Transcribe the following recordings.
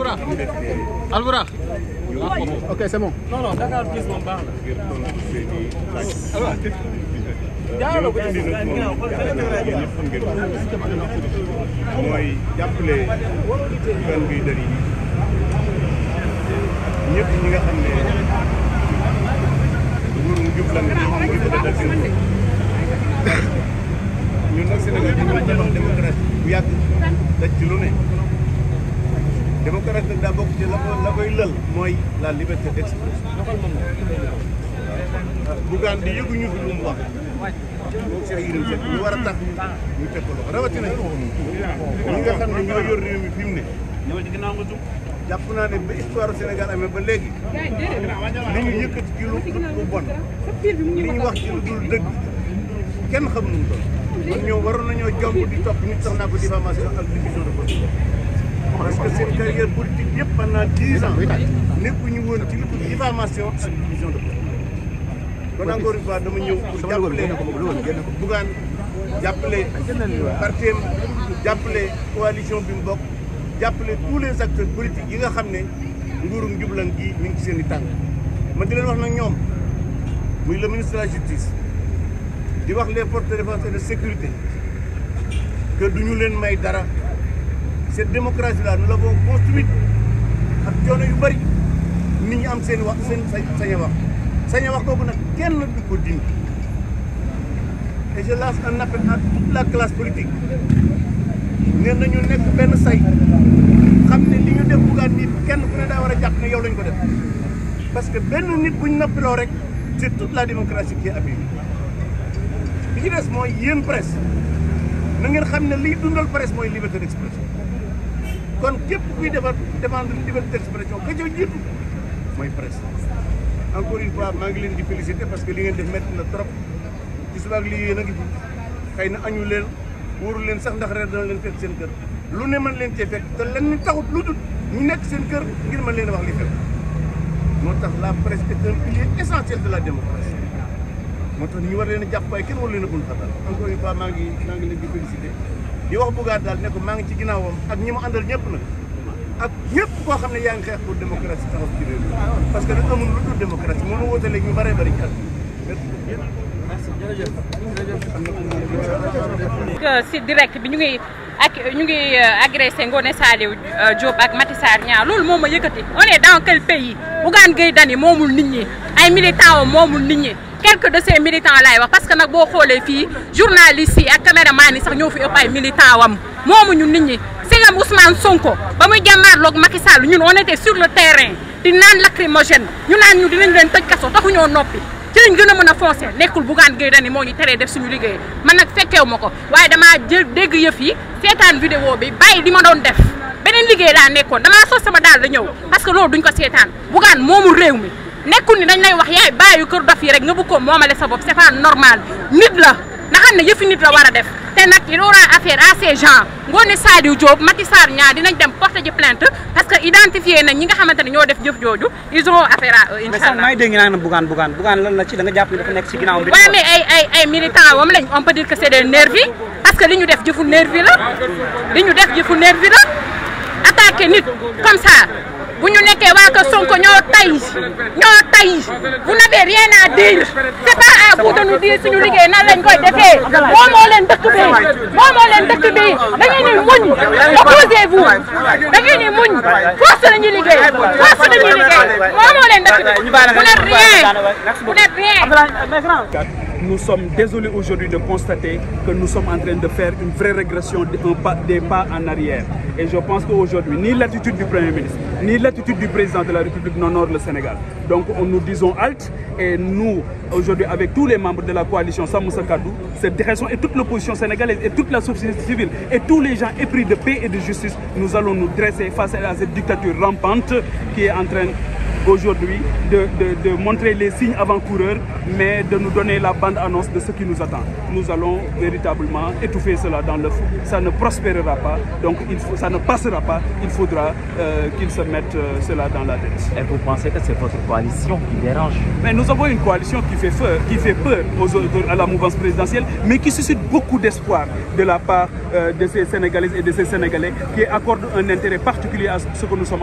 Alburax Alburax ok c'est bon. non non Dakar gis moom baax na. E mooy jàppale gan bi dër yi ñëpp ñi nga xam ne nguurum jub la nag Sénégal ñu ngi doon démocratie bu yàgg daj ci lu ne. démocratie nag daa bokk ci la ko koy lël mooy la liberté d'expression Bougane di yëguñu fi lu mu wax moom Cheikh Yérim Seck ñu war a tax ñu teg ko loxo rawatina ñi nga xam ne ñoo yor réew mi fi ne jàpp naa ba histoire Sénégal amee ba léegi li ñu yëkkati ci lu lu bon li wax ci lu dul kenn xam nu mu toll kon ñoom waroon nañoo jomb di topp nit sax naa ko diffamation ak division de parce que seen carrière politique yëpp pendant dix ans nekkuñu woon ci lu dul diffamation ak division de pouvoir. kon encore une fois dama ñëw pour jàppale Bougane jàppale partem jàppale coalition bi mu bokk jàppale tous les acteurs politiques yi nga xam ne nguurum njublan gi mi ngi ci seen i tànk ma di leen wax nag ñoom muy le ministre la justice di wax les forces de défense et de sécurité que du ñu leen may dara cette démocratie-là nous l'avons construite ak coono yu bëri nit ñi am seen wax seen sañ a wax sañ wax kooku nag kenn du ko dindi et je lance un appel à toute la classe politique nee nañu nekk benn say xam ne li ñu def bugaan nit kenn ku ne daa war a jàpp ne yow lañ ko def parce que benn nit buñ noppiloo rek c'est toute la démocratie qui est abîmée li mooy yéen presse na ngeen xam ne liy dundal presse mooy liberté d'expression kon képp kuy defar défendre liberté d'expression ka ca jiitu mooy presse encore une fois maa ngi leen di féliciter parce que li ngeen def métti na trop ci suba ak lii a ngi fi xëy na añu leen wóoru leen sax ndax reer dana leen fekk seen kër lu ne mën leen cee fekk te leen taxut lu dul ñu nekk seen kër ngir mën leen wax li fekk moo tax la presse est un pilier essentiel de la démocratie moo tax ñu war leen a jàpp waaye kenn war leen a bul xatal encore une fois ngi maa ngi di wax Bougane daal ne ko maa ngi ci ginnaawam ak ñi mu àndal ñëpp nag ak ñëpp koo xam ne yaa ngi xeex pour démocratie parce que nag amul lu dul démocratie mënu wóote léegi ñu bëree bëri ci si direct bi ñu ngi ak ñu ngi euh, agressé Ngoné Saliou euh, Diop ak Maty Sarr Niang loolu moo ma yëkkati on est dans quel pays Bougane Gueye Dany moomul nit ñi ay militants moomul nit ñi quelques de ces militants laay wax parce que nag boo xoolee fii journalistes yi ak caméraman yi sax ñoo fi ëpp ay militants wam moomu ñu nit ñi sëñ Ousmane Sonko ba muy jàmmaarloog Macky Sall ñun on était sur le terrain di naan lacrymogène ñu naan ñu dinañ leen tëj kaso taxuñoo noppi ci lañ gën a mën a foncé nekkul Bougane Gueye Dany moo ñu teree def suñu liggéey man nag fekkeewu ma ko waaye damaa jël dégg yëf yi seetaan vidéo bi bàyyi li ma doon def beneen liggéey laa nekkoon damaa sos daal da ñëw parce que loolu duñ ko seetaan moomu réew mi. nekkul ni dañ lay wax yaay bàyyi kër dof yi rek nga bëgg ko moomale sa bopp c'est pas normal nit la na xam ne yëfi nit la war a def te nag il affaire à ces gens Ngoné Saliou Diop Macky Sarr ñaar dinañ dem porter ji plainte parce que identifié nañ ñi nga xamante ne ñoo def jëf jooju ils auront affaire à eux incha allah mais sax maa ngi dégg naa ne Bougane Bougane Bougane lan la ci da nga jàpp ne dafa nekk ci ginnaaw bi waaw mais ay ay ay militants wam lañ on peut dire ñoo tay vous n'avez rien à dire c'est pas à vous de nous dire suñu liggéey nan lañ koy defee moo moo leen dëkk bi moo moo leen dëkk bi da ngeen ni muñ opposez vous da ngeen ni muñ force la ñuy liggéey force la ñuy liggéey moo moo leen dëkk bi vous n'êtes rien nous sommes désolés aujourd'hui de constater que nous sommes en train de faire une vraie régression des pas en arrière. Et je pense qu'aujourd'hui, ni l'attitude du Premier ministre, ni l'attitude du président de la République n'honore le Sénégal. Donc nous disons halte et nous, aujourd'hui, avec tous les membres de la coalition Samoussa Kadou, cette direction et toute l'opposition sénégalaise et toute la société civile et tous les gens épris de paix et de justice, nous aujourd'hui de, de, de, montrer les signes avant-coureurs, mais de nous donner la bande-annonce de ce qui nous attend. Nous allons véritablement étouffer cela dans l'œuf. Ça ne prospérera pas, donc il faudra euh, qu'ils se mettent euh, cela dans la tête. Et vous pensez qui fait peur, qui fait à la mouvance présidentielle, mais qui suscite beaucoup d'espoir de la part euh, de ces Sénégalaises et de ces Sénégalais qui accordent un intérêt particulier à ce que nous sommes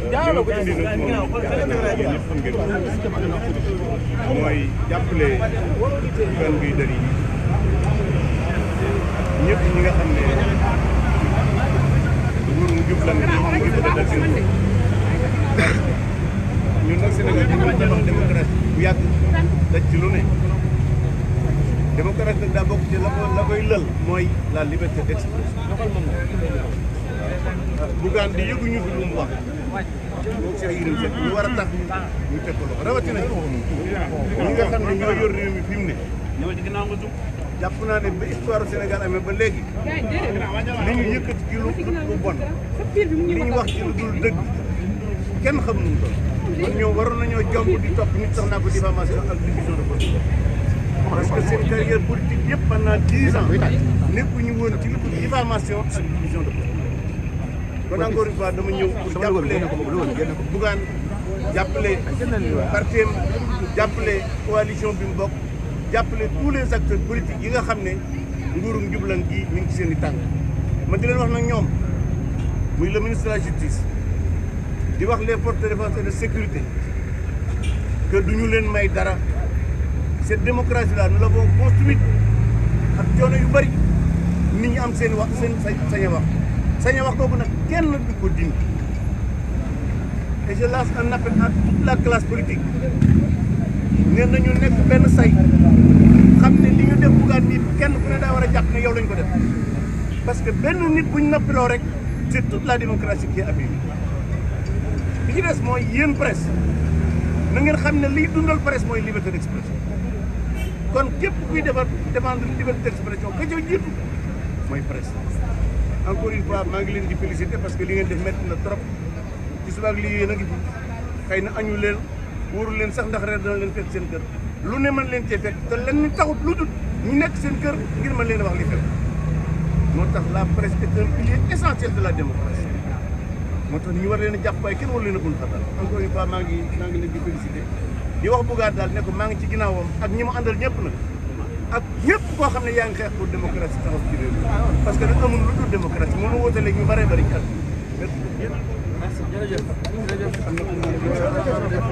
li ko indi nag mooy jàppale gan guy dari ñëpp ñi nga xam ne nguur mu jub la nga ñi ngi bëgg a dal seen bu yàgg daj ci lu ne démocratie nag daa bokk ci la ko la mooy la liberté d'expression Bougane di yëgu ñu fi lu mu wax moom war a tax ñu teg ko loxo rawatina ñi nga xam ne ñoo yor réew mi fi ne. jàpp naa ne ba histoire Sénégal amee ba léegi li ñu yëkkati ci lu lu bon li ñu wax ci lu dul dëgg kenn xamul nu mu toll. kon ñoom waroon nañoo jomb di topp nit sax naa ko diffamation ak division de force. nekkuñu woon ci lu kon encore une fois dama ñëw pour jàppale Bougane jàppale ah, parti am jàppale coalition bi mu bokk jàppale tous les acteurs politiques yi nga xam ne nguurum njublan gi ñu ngi ci seen i tànk ma di leen wax nag ñoom muy le ministre la justice di wax les forces de défense et de sécurité que du ñu leen may dara cette démocratie là nous l'avons construite ak coono yu bëri ni ñu am seen wax seen sañ a wax sañ wax kooku nag kenn du ko dindi et je lance un appel à toute la classe politique nee nañu ñu nekk benn say xam ne li ñu def bugaan nit kenn ku ne daa war a jàpp ne yow lañ ko def parce que benn nit bu ñu rek c'est toute la démocratie qui est abîmée li mooy yéen presse na ngeen xam ne liy dundal presse mooy liberté d'expression kon képp kuy defar demande liberté d'expression ka ca jiitu mooy presse. encore une fois maa ngi leen di félicité parce que li ngeen def métti na trop ci suba ak lii a ngi fi xëy na añu leen wóoru leen sax ndax reer dana leen fekk seen kër lu ne mën leen cee fekk te leen ni taxut lu dul ñu nekk seen kër ngir mën leen wax li fekk moo tax la presse est un pilier essentiel de la démocratie moo tax ñu war leen a jàpp waaye kenn waru leen a bul xatal encore une fois maa ngi maa ngi leen di félicité di wax bugaat daal ne ko maa ngi ci ginnaawam ak ñi mu àndal ñëpp nag ak ñëpp koo xam ne yaa ngi xeex pour démocratie taxaw ci réew parce que nag amul lu dul démocratie moom la wutaleeg ñu bëree bëri ak merci jërëjëf